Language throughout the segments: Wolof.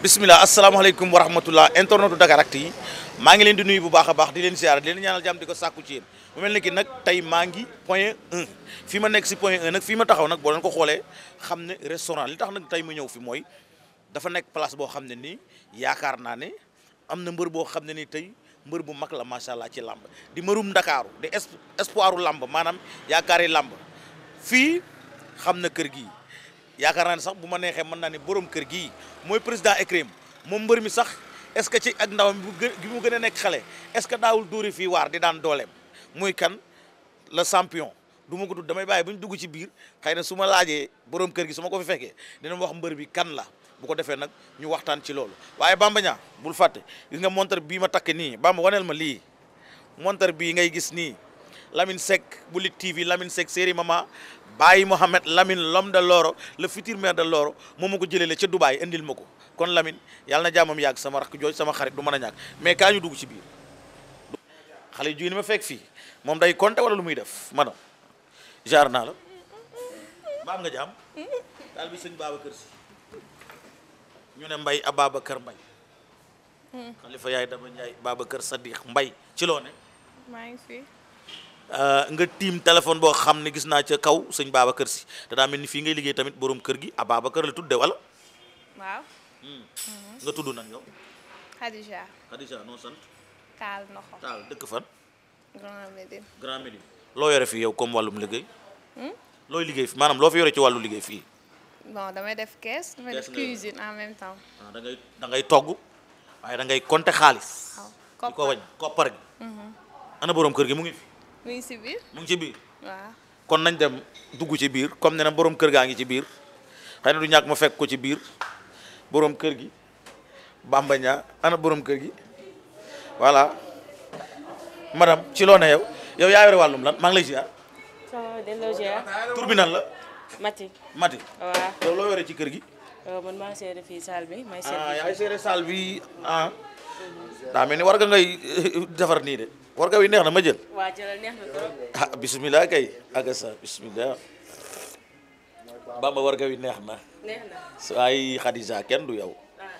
bismillah Assalamualaikum warahmatullahi rahmatullah internetu Dakaractu yi ngi leen di nuyu bu baax baax di leen ziar di leen ñaanal di ko ci mu ngi point 1 fii ma point 1 ma taxaw ko kole. xam ne restaurant li tax nag tey ma ñëw fi dafa nek place bo hamne ni nii yaakaar naa ne am na bo ni mbeur bu mak la macha ci lamb di murum dakar di espoiru lamb manam yaakaari lamb fi xamna na kër gi yaakaar naa sax bu nexé man na ni borom kër gi moy président ekrem moom mbeur mi sax est ce que ci ak ndawam bi mu gëna nek xalé est ce que daawul dóori fi war di daan dolem moy kan le champion du ko tud damay baye buñ dugg ci bir xëy suma su borom kër gi suma ko fi dina wax mbeur bi kan la bu ko defé nak ñu waxtaan ci lool waye Bamba ñaa bul faté gis nga montre bi ma takk ni Bamba ma li montre bi ngay gis ni Lamine bu TV Lamine sek série mama Baye Muhammad, Lamine lom de Loro le futur maire de Loro momako ma ko kon Lamine yalna na jàmmam yàgg sama rak joj sama xarit du mëna ñak mais kaa ñu dugg ci biir xale jigéen ma fekk fi mom day konté wala lu muy def maam nga jam dal bi seigne ñu ne Mbaye Ababacar Mbaye xalifa hmm. yaay dama Ndiaye Babacar Sadiq Mbaye ci loo ne. maa ngi euh, nga tiim téléphone boo xam ne gis naa ca kaw sëñ kër si te mel ni fii ngay liggéey tamit boroom kër gi Ababacar la tudde wala. Hmm. Hmm. nga tudd nan yow. Khadija. Khadija noo sant. Taal Noxo. Taal dëkk fan. Grand Médine. Grand Médine loo yore fii yow comme wàllum liggéey. looy liggéey fi maanaam loo fi yore ci wàllu liggéey fii. bon damay def caisse damay def cuisine en même temps ah, da ngay da ngay togg waaye da ngay compter xaalis di ko wañ koppar gi mhm. ana borom kër gi mu ngi fi mu ngi si biir mu ngi ci biir waaw kon nañ dem dugg ci biir comme ne na borom kër So, ngi ci biir du ma fekk ko ci borom gi Bamba ana borom gi voilà madame ci ne yow yow lan ngi lay ça va bi nan la. Mati Mati waaw yow loo yore ci kër eh, gi man maa ya seere fii saal bi may seere ah yaay seere saal bi ah daa nah, mel ni war nga ngay defar nii de war nga wi neex na ma jël waa jëlal neex na trop ah bismillah kay agasa bismillah bamba war nga wi neex na neex na ay Khadija kenn du yow ah,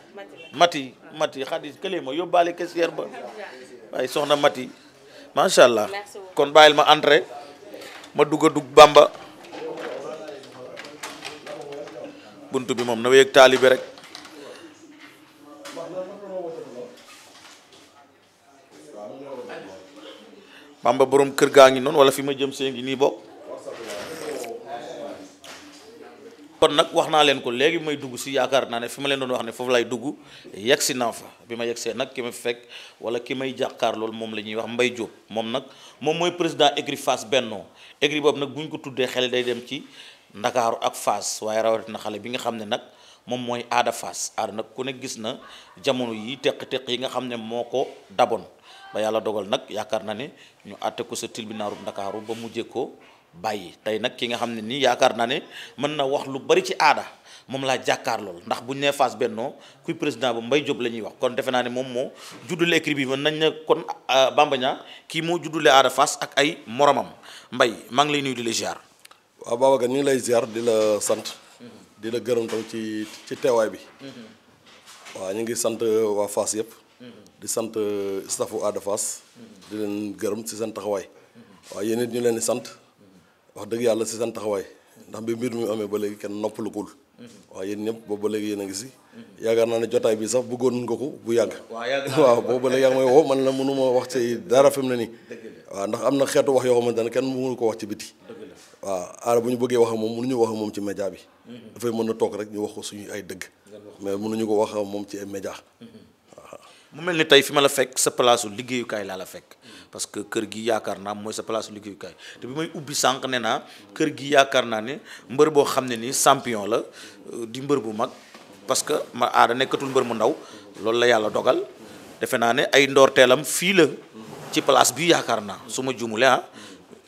mati mati Khadija kële ma yóbbaale caissière ba waaye soxna mati macha allah kon bàyyil ma Andre. ma dugg a bamba bunt bi moom na wéy ak taalibe rek bamba borom kër gaa ngi noonu wala fi ma jëm see ngi nii bokk kon nag wax naa leen ko léegi may dugg si yaakaar naa ne fi ma leen doon wax ne foofu lay dugg yegg si naa fa bi ma yegg see nag ki ma fekk wala ki may jàkkaar loolu moom la ñuy wax Mbaye Diop moom nag moom mooy président écurie Fass bennoo egri boobu nag bu ñu ko tuddee xel day dem ci ndakaaru ak Fass rawat na xale bi nga xamne nak mom moy ada fas Fass nak ku ne gis na jamono yi tek tek yi nga xamne moko dabon ba yalla dogal nak yakar na ne ñu atté ko sa tribunal ndakaru ba mujjé ko bayyi tay nak ki nga xamne ni yakar na ne mën na wax lu bari ci ada mom la jakar lol ndax buñ né fas Benno kuy président bu mbay job lañuy wax kon defe ne mom mo juddule écrit nañ na kon euh, Bamba ki mo moo ada fas ak ay moromam mbay mang lay nuyu di légère waaw Babacar ñu ngi lay ziar di la sant. di la gërëm tam ci ci teewaay bi. waaw ñu ngi sant waa Fass yëpp. di sant euh, staffu Ada Fass. di leen gërëm ci seen taxawaay. waaw yéen it ñu leen sant. wax dëgg yàlla si seen taxawaay. ndax bi mbir mu amee ba léegi kenn noppalugul. waaw yéen ñëpp boobu ba léegi yéen a ngi si. yaakaar naa ne jotaay bi sax bëggoon nga ko bu yàgg. waaw boobu ba léegi yaa ngi may woo man la mënuma wax ci dara fi mu ne nii. waaw ndax am na xeetu wax yoo xamante kenn mënu ko wax ci biti. ara buñu bëggé wax ak mom mënuñu wax mom ci média bi dafay mëna tok rek ñu wax ko suñu ay dëgg mais mënuñu ko wax mom ci média mu melni tay fi ma la fekk sa place liggéeyukaay kay la fekk parce que kër gi yaakaar naa sa place kay te bi may ubbi sank ne naa kër gi yaakaar ne mbeur bo ni champion la euh, di mbeur bu mag parce que ma aada nekatul mbeur mu ndaw loolu la yalla dogal defe ne ay ndortelam fi la ci place bi yaakaar naa su ma ah,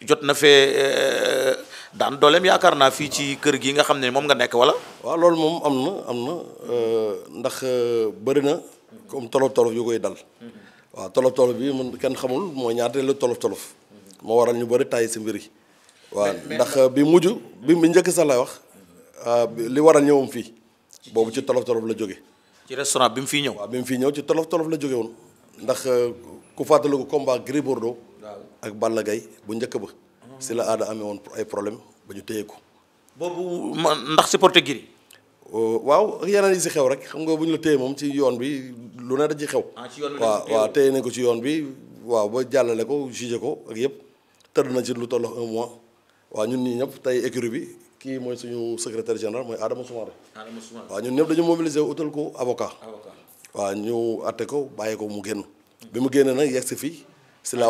jot na fe euh, daan dooleem yaakaar naa fii ci kër gi nga xam ne moom nga nekk wala. waaw loolu moom am na am na euh, ndax euh, bëri na comme tolof tolof yu koy dal mm-hmm. waaw tolof tolof bi man kenn xamul moo ñaata la tolof mm-hmm. moo waral ñu bëri taay si mbir yi waaw ndax bi mujj bi bi njëkk sax lay wax euh, li waral ñëwam fii boobu ci tolof tolof la jóge ci restaurant bi mu fiy ñëw. waaw bi mu fiy ñëw ci tolof tolof la jóge woon ndax ku fàttaliku combat Gris Bordeaux ak Balla Gaye bu njëkk ba. si ada aada amee woon ay problème ba ñu ko. boobu ma ndax supporter Gris. Euh, waaw yeneen yi si xew rek xam nga bu ñu la téye moom ci yoon bi lu ne da ci xew. Ah, waaw waaw nañ ko ci yoon bi waaw ba jàllale ko jugé ko ak yëpp tëdd na ci lu toll un mois waaw ñun ñii ñëpp tey écurie bi kii mooy suñu secrétaire général mooy Adama Soumaré. Adama Soumaré waaw ñun ñëpp dañu mobiliser utal ko avocat. avocat waaw ñu àtte ko bàyyi ko mu génn. bi mu génnee nag yegg si la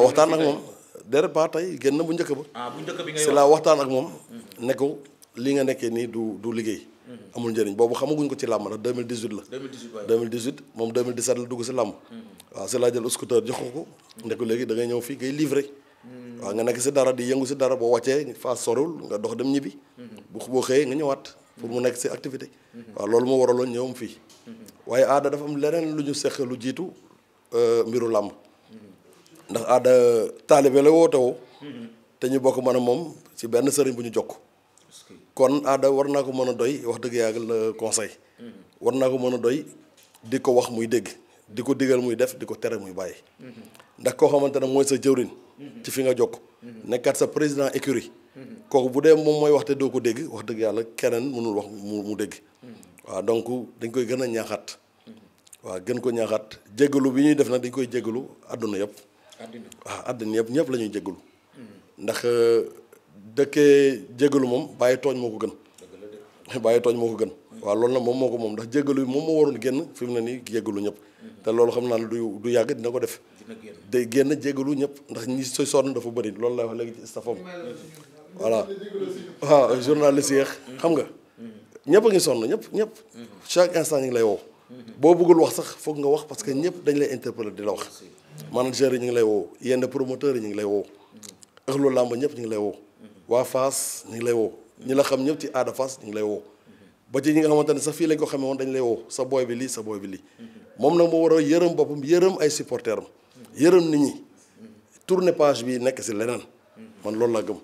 dere baa tey génn na bu njëkk ba. ah si la waxtaan ak moom. ne ko li nga nekkee nii du du liggéey. Mhm. amul njëriñ boobu xamaguñ ko ci làmb nag 2018 la. 2018 waaw 2018 moom 2017 la dugg si làmb. Mhm. waaw si laa jël scooter jox ko ko. ko léegi da ngay ñëw fii ngay livré. Mhm. waaw nga nekk si dara di yëngu si dara boo wàccee faa sorul nga dox dem ñibbi. bu boo xëyee nga ñëwaat. pour mu nekk si activité. waaw loolu moo waraloon ñëwam fii. waaye aada dafa am lu ñu seq lu jiitu euh, mbiru làmb. ndax ada talibé la woto woo té ñu bokk man mom ci benn sëriñ bu ñu jokk kon ada warna ko mëna doy wax dëgg yaag la conseil war ko mëna doy di ko wax muy dégg di ko digal muy def di ko tere muy bàyyi ndax ko xamantene moy sa jëwrin ci fi nga jokk nekkaat sa président écurie kooku bu dé mom moy wax té doko ko dégg wax dëgg yàlla kenen mënul wax mu dégg donc dañ koy gëna ñaxat wa gën ko ñaxat jéggalu bi ñuy def nak dañ koy aduna yépp waaw ah, àddina yëpp ñëpp la ñuy jégalu ndax euh, dëkke jégalu moom bàyyi tooñ moo ko gën bàyyi tooñ moo ko gën waaw loolu na moom moo ko moom ndax jégalu moom moo waroon génn fi mu ne nii jégalu ñëpp mhm. te loolu xam naa ne du du yàgg dina ko def day génn jégalu ñëpp ndax ñi si sonn dafa bëri loolu lay wax léegi ci stafam voilà waaw journaliste yeex xam nga mhm. ñëpp a ngi sonn ñëpp ñëpp mhm. chaque instant ñu ngi lay woo boo bëggul wax sax foog nga wax parce que ñëpp dañ lay interpeller di la wax manager yi ñu ngi lay woo yenn promoteur yi ñu ngi lay woo ëxlu làmb ñëpp ñu ngi lay woo waa Fass ñu ngi lay woo ñi la xam ñëpp ci aada Fass ñu ngi lay woo ba ci ñi nga xamante ne sax fii lañ ko xamee woon dañ lay woo sa booy bi lii sa booy bi lii moom nag moo war a yërëm boppam yërëm ay supporteram yërëm nit ñi tourner page bii nekk si leneen man loolu laa gëm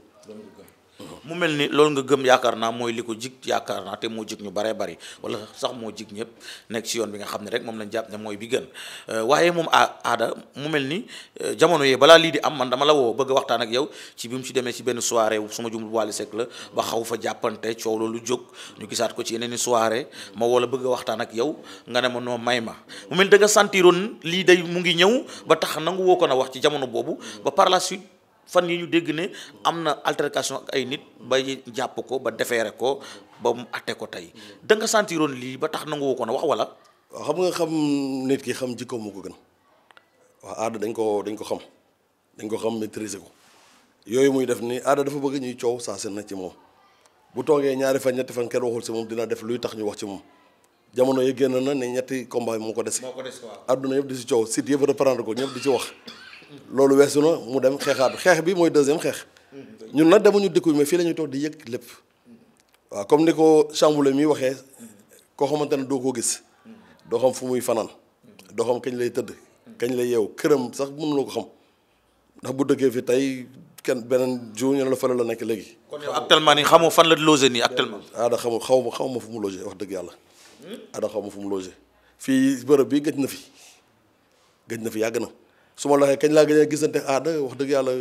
mu mel ni loolu nga gëm yaakaar naa mooy li ko jig yaakaar naa te moo jig ñu baree bari wala sax moo jig ñëpp nekk ci yoon bi nga xam ne rek moom lañ jàpp ne mooy bi gën euh, waaye moom a aada mu mel ni euh, jamono yee balaa lii di am man dama la woo bëgg waxtaan ak yow ci bi mu ci demee ci benn soirée suma jumul Wally Seck la ba xaw fa jàppante coow loolu jóg ñu gisaat ko ci yeneen i soirée ma woo bëgg waxtaan ak yow nga ne ma noo may ma mu mel da nga sentiroon lii day mu ngi ñëw ba tax nangu woo ko na wax ci jamono boobu ba par la suite fan yi ñu dégg ne am na altercation ak ay nit ba jàpp ko ba defeere ko ba mu atte ko tey da nga sentiroon lii ba tax nanguwoo ko na wax wala. waaw xam nga xam nit ki xam jikko moo ko gën waa aada dañ ko dañ ko xam dañ ko xam maîtriser ko yooyu muy def ni aada dafa bëgg ñuy coow saa seen na ci moom bu toogee ñaari fan ñetti fan kenn waxul si moom dina def luy tax ñu wax ci moom jamono yi génn na ne ñetti combat yi moo ko dese. moo ko adduna yëpp di si coow ko ñëpp di ci wax. lolu wessuna mu dem xeexaatu xex bi moy deuxième xex ñun nag ñu dëkku mais fi lañu ñuy di yek lépp wa comme niko chamboule mi waxe ko xamantene do ko gis do xam fu muy fanaan do xam kañ lay teud kañ lay yew kërëm sax mënu lako xam ndax bu dëkkee fi tay kenn benen jour ñu la fële la nek legi kon yow actuellement ni xamu fan la loger ni actuellement. ada xamu xawma xawma fu mu loger wax deug yàlla ada xamu fu mu loger fi bërëb bi gëj na fi gëj na fi yàgg na. su ma la waxee kañ laa gëj gisante aada wax dëgg yàlla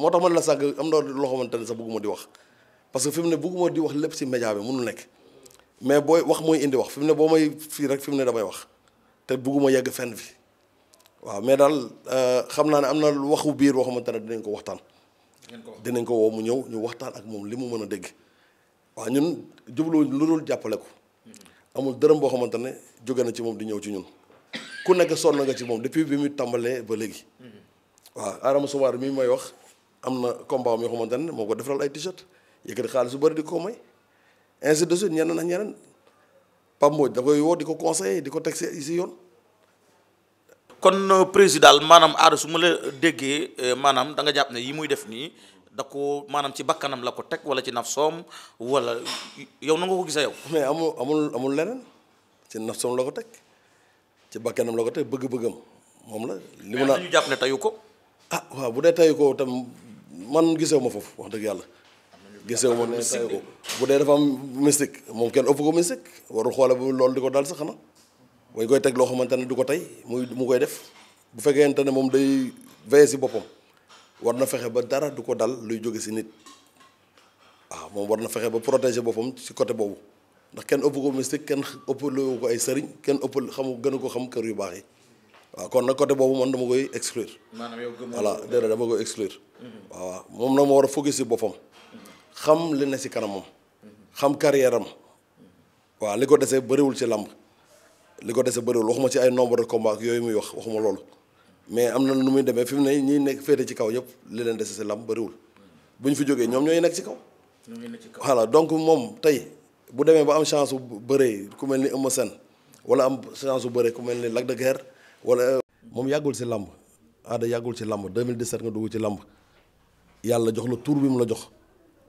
moo tax ma ne la sànq am na loo xamante ne sax bëgguma di wax parce que fi mu ne bëgguma di wax lépp si média bi mënul nekk mais booy wax mooy indi wax fi mu ne boo may fii rek fi ne damay wax te bëgguma yegg fenn fi waaw mais daal euh, xam naa ne am na waxu biir boo xamante ne dinañ ko waxtaan. dinañ ko woo mu ñëw ñu waxtaan ak moom li mu mën a dégg waaw ñun jubluwuñ lu dul jàppale ko hmm. amul dërëm boo xamante ne jóge na ci moom di ñëw ci ñun. ku nekk sonn nga ci moom depuis bi mu tàmbalee ba léegi. waaw Adama Soumaré mi may wax am na combat yoo xamante moo ko defaral ay t-shirt yëkkati xaalis bu bëri di ko may ainsi de suite ñeneen ak ñeneen Pape Mbodj da koy woo di ko conseiller di ko teg si yoon. kon euh, président maanaam aada su ma la déggee euh, maanaam da nga jàpp ne yi muy def nii da ko maanaam ci bakkanam la ko teg wala ci nafsoom wala yow na nga ko gisee yow. mais amul amul amul leneen ci nafsoom la ko teg. ci bakkanam la ko teg bëgg-bëggam moom la. li mu naan ñu jàpp tayu ko. ah waaw bu dee tayu ko tam man gisew ma foofu wax dëgg yàlla. gisew ma ne tayu ko bu dee dafa am mystique moom kenn ëpp ko mystique warul xoole bu loolu di ko dal sax xanaa koy teg loo xamante ne du ko tey muy mu koy def bu fekkente ne moom day veillé si boppam war na fexe ba dara du ko dal luy jóge si nit waaw ah, moom war na fexe ba protéger boppam si côté boobu. ndax kenn ëpp ko mystique kenn ëppaloo ko ay sëriñ kenn ëppal xam gën a ko xam kër yu baax yi waaw kon nag côté boobu man dama koy exclure. maanaam yow gëm voilà déedéet dama koy exclure. waaw waaw moom nag moo war a focus si boppam. xam li ne si kanamam. xam carrière am. waaw li ko desee bëriwul ci làmb li ko dese bëriwul waxuma ci ay nombre de combat yooyu muy wax waxuma loolu mais am na nu muy demee fi mu ne ñiy nekk féete ci kaw ñëpp li leen dese si làmb bëriwul bu ñu fi jógee ñoom ñooy nekk ci kaw. ñoo ngi nekk ci kaw voilà donc moom tey bu vous avez une chance ku wala am chance des ku de guerre wala. moom yàggul ci lamb aada yàggul ci lamb 2017 nga dugg ci lamb yàlla jox la tour bi mu la jox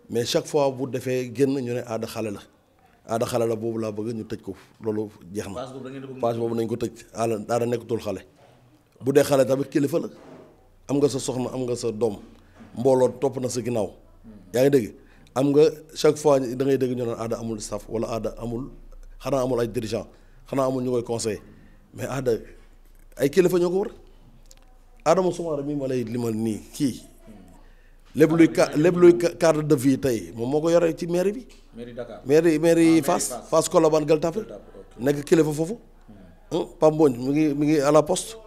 mais chaque fois bu defee génn ñu ne aada xale la aada xale la boobu laa bëgg ñu tëj ko loolu jeex na. page boobu nañ ko tëj aada aada nekkatul xale. bu tamit kilifa la am nga sa soxna na sa ginnaaw yaa am chaque fois da ngay dégg ñu naan ada amul staff wala ada amul xana amul ay dirigeant xana amul ñu conseil mais des ay kilifa ñoko war Adama limal ni ki luy cadre de vie tay mom moko ci mairie bi. mairie Dakar mairie mairie ah, Fass Fass kilifa hmm. Hmm, mi à la poste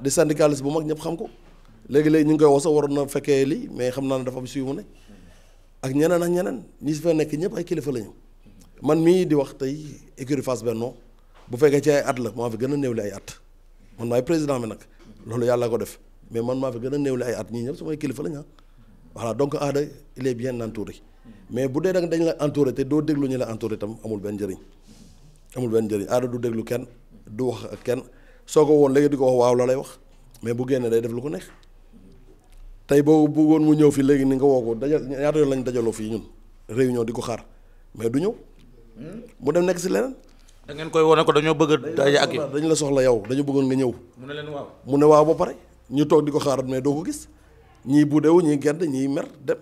Des syndicaliste bu mag ñep xam ko ñu ngi mais xam na dafa am ak ñeneen ak ñeneen ñi fa nekk ñëpp ay kilifa lañu man mii di wax tey écurie Fass Benno bu fekkee ci ay at la maa fi gën a néew néewli ay at man maay président bi nag loolu yàlla ko def mais man maa fi gën a néew néewli ay at ñii ñëpp samay kilifa lañu wax ah. donc aada il est bien entouré mais bu dee nag dañ la entouré te doo déglu ñu la entouré tam amul benn njëriñ amul benn njëriñ aada du déglu kenn du wax ak kenn soo ko woon léegi di ko wax waaw la lay wax mais bu génnee day def lu ko neex. tey boo bëggoon mu ñëw fii léegi ni nga woo ko dajal ñaata yoon lañ dajaloo fii ñun réunion di ko xaar mais du ñëw. Hmm? mu dem nekk si leneen. da ngeen koy wane ko dañoo bëgg a daje ak dañu la soxla yow dañu bëggoon nga ñëw. mu ne leen waaw mu ne waaw ba pare ñu toog di ko xaarat mais doo ko gis ñii buudewu ñii gedd ñii mer dem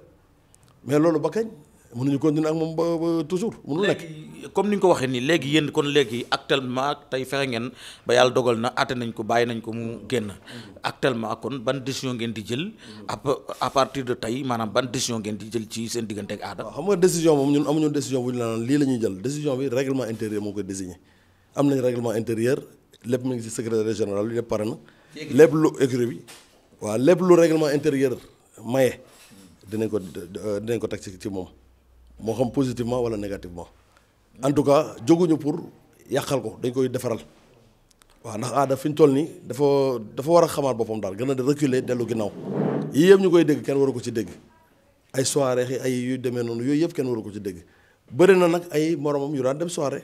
mais loolu ba kañ mënuñu continuer ak moom ba ba toujours. mënul nekk comme ni nga ko waxee nii léegi yéen kon léegi actuellement tey fexe ngeen ba yàlla dogal na àtte nañ ko bàyyi nañ ko mu génn. actuellement kon ban décision ngeen di jël. à partir de tey maanaam ban décision ngeen di jël ci seen diggante ak aada. xam nga décision moom ñun amuñu décision bu ñu la naan lii la ñuy jël décision bi règlement intérieur moo koy désigné am nañ règlement intérieur lépp mu ngi ci secrétaire général bi lépp pare na. lépp lu écrit bi waaw lépp lu règlement intérieur maye dinañ ko dinañ ko teg ci ci moom. moo xam positivement wala négativement en tout cas jóguñu pour yàqal ko dañ koy defaral waa ndax aada fi ñu toll nii dafa dafa war a xamaat boppam daal gën a reculer dellu ginnaaw yii yëpp ñu koy dégg kenn waru ko ci dégg ay soirée ay demee noonu yooyu yëpp kenn waru ko ci dégg bëri na nag ay moromam yu daan dem soirée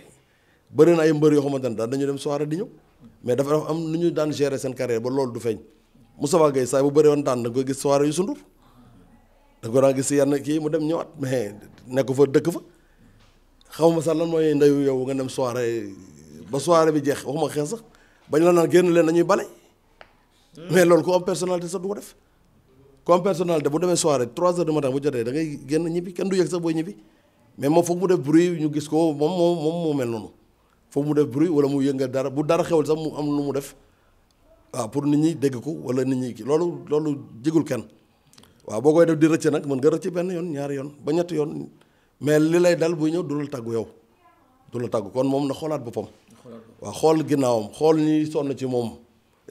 bëri na ay mbër yoo xamante ne daal dañu dem soirée di ñëw mais dafa am nu ñu daan gere seen carrière ba loolu du feeñ Moussa Gueye saa bu bëri woon daan na koy gis soirée yu sundur da daa gis si yenn kii mu dem ñëwaat mais nekk fa dëkk fa xaw ma sax lan mooy ndeyu yow nga dem soirée ba soirée bi jeex waxuma xeex sax bañ la naan génn leen dañuy bale mais loolu ku am personnalité sax du ko def ku am personnalité bu demee soirée trois heures du matin bu da ngay génn ñibbi kenn du yëg sax booy ñibbi mais moom foog mu def bruit ñu gis ko moom moom moom moo mel noonu foog mu def bruit wala mu yëngal dara bu dara xewal sax mu am lu mu def waaw pour nit ñi dégg ko wala nit ñi kii loolu loolu jigul kenn waaw boo koy def di rëcc nag mën nga rëcc benn yoon ñaari yoon ba ñett yoon mais li lay dal buy ñëw du la tàggu yow du la tàggu kon moom na xoolaat boppam. waa xool ginnaawam xool ñi sonn ci moom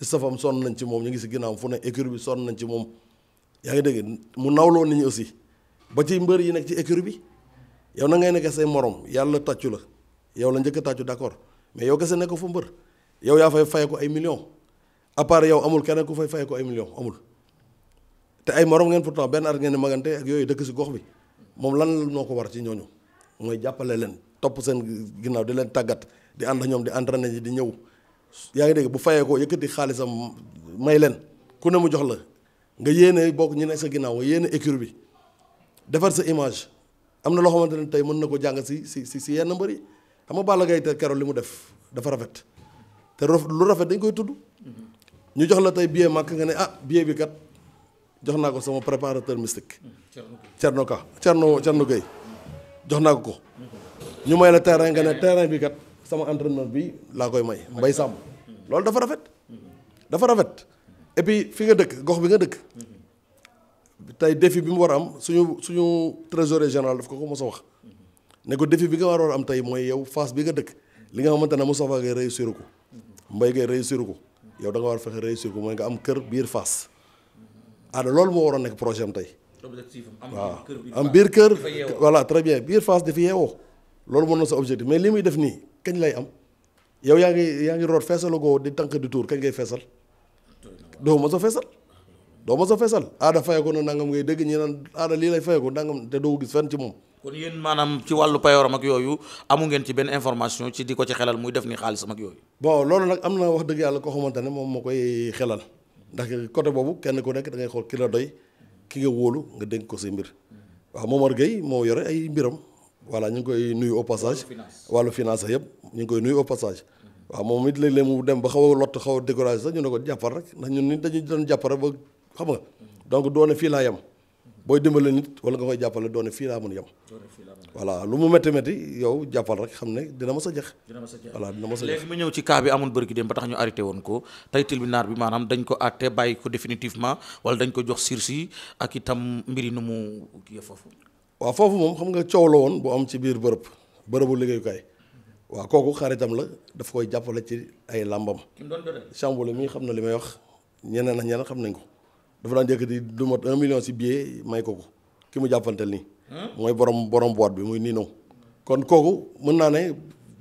istafam sonn nañ ci moom ñu ngi si ginnaawam fu ne écurie bi sonn nañ ci moom yaa ngi dégg mu nawloo nit ñi aussi ba ci mbër yi nekk ci écurie bi yow na ngay nekk say morom yàlla tàccu la yow la njëkk a tàccu d'accord mais yow kese nekk fu mbër yow yaa fay faye ko ay millions à part amul keneen ku fay faye ko ay amul. te ay morom ngeen pourtant ben ar ngeen magante ak yoy dëkk ci gox bi mom lan noo ko war ci ñooñu moy jàppale leen top sen ginnaw di leen tagat di and ñom di entraîné di ñëw ya nga dégg bu fayé ko yëkëti xaalisam may leen ku ne mu jox la nga yéene bok ñu ne sa ginnaw yéene écurie bi défar sa image am na loo tay ne mën ko jàng si si si si yenn mbër yi xam nga Balla Gaye te def dafa rafet té lu rafet dañ koy tuddu mhm. ñu jox la tay billet mak nga ne ah billet bi kat. jox naa ko sama préparateur mystique. Mm, Thierno Ka Thierno Thierno Gueye jox naa ko ko. ñu may la terrain nga ne terrain bi kat sama entraîneur bi laa koy may mbay sàmm loolu dafa rafet. dafa rafet et fi nga dëkk gox bi nga dëkk. tey defi bi mu war a am suñu suñu trésorier général daf ko ko mos wax. ne ko défi bi nga war a am tey mooy yow phase bi nga dëkk li nga xamante ne Moustapha ngay réussir ko Mbaye ngay réussir ko yow da nga war fexe réussir ko mooy nga am kër biir phase. aada loolu moo waroon nekk projet am tey. waaw am biir kër voilà très bien biir Fass dafa yeewoo loolu mën na sa objectif mais li muy def nii kañ lay am yow yaa ngi yaa ngi root feesalu ko di tànk di tuur kañ ngay feesal doo ma sa feesal doo ma sa feesal aada fayako na nangam ngay dëgg ñi naan aada lii lay fayako nangam te doo gis fenn ci moom. kon yéen maanaam ci wàllu payooram ak yooyu amu ngeen ci benn information ci di ko ci xelal muy def ni xaalis ak yooyu. bon loolu nag am na wax dëgg yàlla koo xamante ne moom moo koy xelal. ndax côté boobu kenn ku nekk dangay xool ki la doy ki nga wóolu nga dénk ko si mbir waaw Momar Gueye moo yore ay mbiram voilà ñu ngi koy nuyu au passage wàllu finance yëpp ñu ngi koy nuyu au passage waaw moom it léeg leen mu dem ba xaw a lott xaw a sax ñu ne ko jàppal rek ndax ñun nii dañuy doon jàppal ba xam nga donc doone fii laa yem boy dimbalé nit wala nga koy jàppale doone fi la mëna yam wala lu mu metti metti yow jappal rek xamné dina mësa sa wala dina mësa sa légui voilà ma ñëw ci cas bi amul bërki dem ba tax ñu arrêté won ko tay til bi nar bi manam dañ ko atté bay ko définitivement wala dañ ko jox sirsi ak itam mbiri nu mu kii fofu wa fofu mom xam nga coow la woon bu am ci biir bërëb bërëbu kay wa koku xaritam la daf koy jappalé ci ay lambam ki mu doon dëgg. mi xamna limay wax ñeneen ak ñeneen xam nañ ko dafa daan yëkkati du mot un million si billet may ko ko ki mu jàppanteel nii. Hmm? mooy borom borom boîte bi muy Nino. kon kooku mën naa ne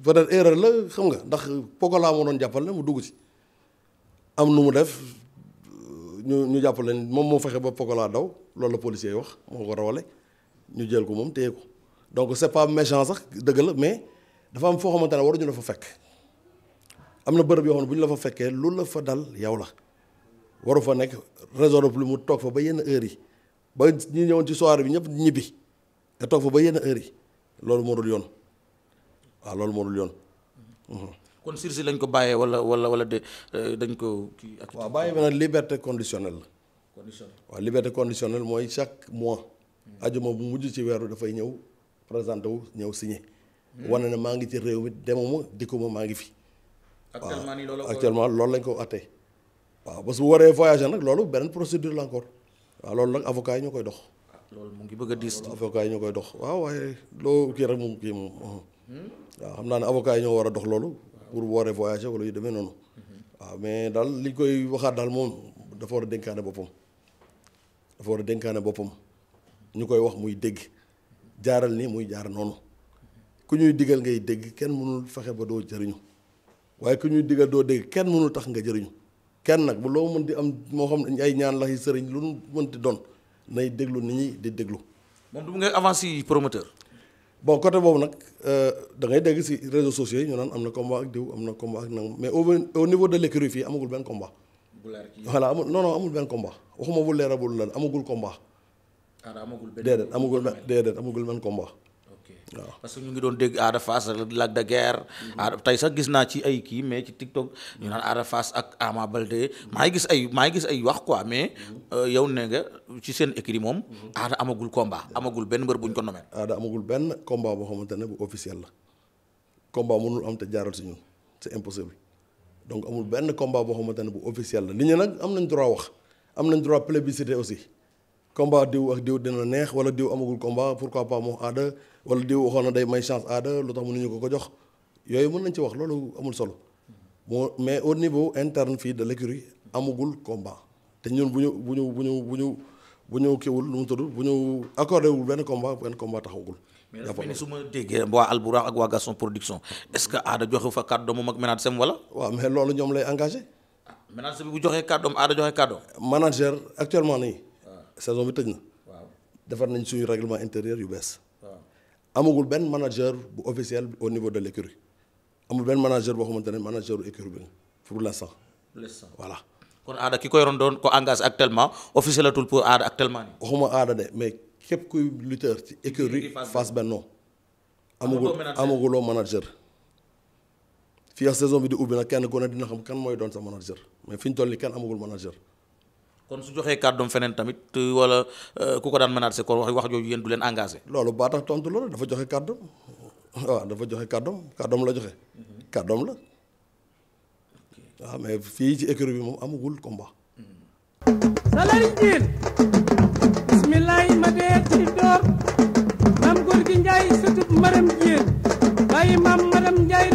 peut-être erreur la xam nga ndax Pokola moo doon jàppal ne mu dugg ci am nu mu def ñu ñu jàppale moom moo fexe ba Pokola daw loolu la policier yi wax moo ko rawale ñu jël ko moom téye ko donc c'est pas méchant sax dëgg la mais dafa am foo xamante ne waruñu la fa fekk am na bërëb yoo xam ne bu ñu la fa fekkee lu la fa dal yow la. waru fa nekk réseau lu mu toog fa ba yenn heure yi ba ñu ñëwoon ci soirée bi ñëpp ñibbi nga toog fa ba yenn heure yi loolu moo dul yoon waaw loolu moo dul yoon. Mhm. kon sursis lañ ko bàyyee wala wala wala de euh, dañ ko kii. waaw bàyyi ma nag liberté conditionnelle la. conditionnelle liberté conditionnelle mooy chaque mois. ajuma bu mujj ci weeru dafay ñëw présenté wu ñëw signé. Hmm. wane na maa ngi ci réew mi demuma dikkuma maa ngi fi. actuellement nii loolu la ko actuellement loolu lañ ko attee. waaw ba su waree voyager nag loolu beneen procédure la encore waaw loolu nag avocat yi ñoo koy dox. loolu mu ngi bëgg a diis. avocat ñoo koy dox waaw waaye loo kii rek mu kii moom. Ah. waaw xam naa ne avocat yi ñoo war a dox loolu. pour waree voyager wala yu demee noonu. waaw mais daal li koy waxaat daal moom dafa war a dénkaane boppam dafa war a dénkaane boppam ñu koy wax muy dégg jaaral nii muy jaar noonu ku ñuy digal ngay dégg kenn mënul fexe ba doo jëriñu waaye ku ñuy digal doo dégg kenn mënul tax nga jëriñu. kenn nag bu loo mën di am moo xam ne ay ñaan lax yi sëriñ lu nu mën doon nay déglu nit ñi di déglu. moom du ngay avancé yi promoteur. boo côté boobu nag euh, da ngay dégg si réseaux sociaux yi ñu naan am na combat ak diw am na combat ak nangam mais au niveau de l'écurie fii amagul benn combat. bu leer kii voilà amul non amul benn combat waxuma bu leer amul lan amagul combat. ah amagul benn déedéet amagul benn déedéet amagul benn combat. waaw parce que ñu ngi doon dégg Ada Fass ak de Guerre. Mm-hmm. Ada tey sax gis naa ci ay kii mais ci TikTok. ñu naan Ada fas ak Ama Baldé. maa ngi gis ay maa ngi gis ay wax quoi mais mm-hmm. euh, yow ne nga ci seen écrit moom. Mm-hmm. Ada amagul combat amagul benn mbër bu ñu ko nomee. Ada amagul benn combat boo xamante ne bu officiel la. combat mënul am te jaaral si ñun c'est impossible donc amul benn combat boo xamante ne bu officiel la nit ñi nag am nañ droit wax am nañ droit plébiscité aussi. combat diw ak diw dina neex wala diw amagul combat pourquoi pas moo aada wala diw waxoon na day may chance aada lu tax ñu ko ko jox yooyu mën nañ ci wax loolu amul solo moo mais au niveau interne fii de l'écurie amagul combat te ñun bu ñu bu ñu bu ñu bu ñu bu ñu kiwul lu mu tudd bu ñu accordé wul benn combat benn taxawul. mais dafa mel ni su ma déggee waa Alburax ak waa Gaston production est-ce que aada joxe fa kàddoom ak Ménage Sem wala. waaw mais loolu ñoom lay engagé. ah Sem bu joxee kàddoom aada joxe kàddoom. manager actuellement nii. saison bi tëj na. defar nañ suñu règlement intérieur yu bees. amagul benn manager bu officiel au niveau de l' écurie amul benn manager boo xamante ne manager écurie bi pour l' instant. voilà. kon aada ki koy doon ko engage actuellement officielatul pour aada actuellement. waxuma aada de mais képp kuy lutteur ci écurie face Benno amagul amaguloo manager fii saison bi di ubbi nag kenn ku dina xam kan mooy doon sa manager mais fi ñu toll nii kenn amagul manager. kon su joxee kàddoom feneen tamit euh, wala euh, ku ko daan menacer kon wax wax jooju yéen du leen engage loolu baa tax tontu loolu dafa joxe kàddoom waaw dafa joxe kàddoom kàddoom la joxe. kàddoom la waaw mais fii ci écurie bi moom amagul combat. salari jiin bismillahi ma dee ci door maam góor gi njaay sutub maram jiin bàyyi maam maram njaay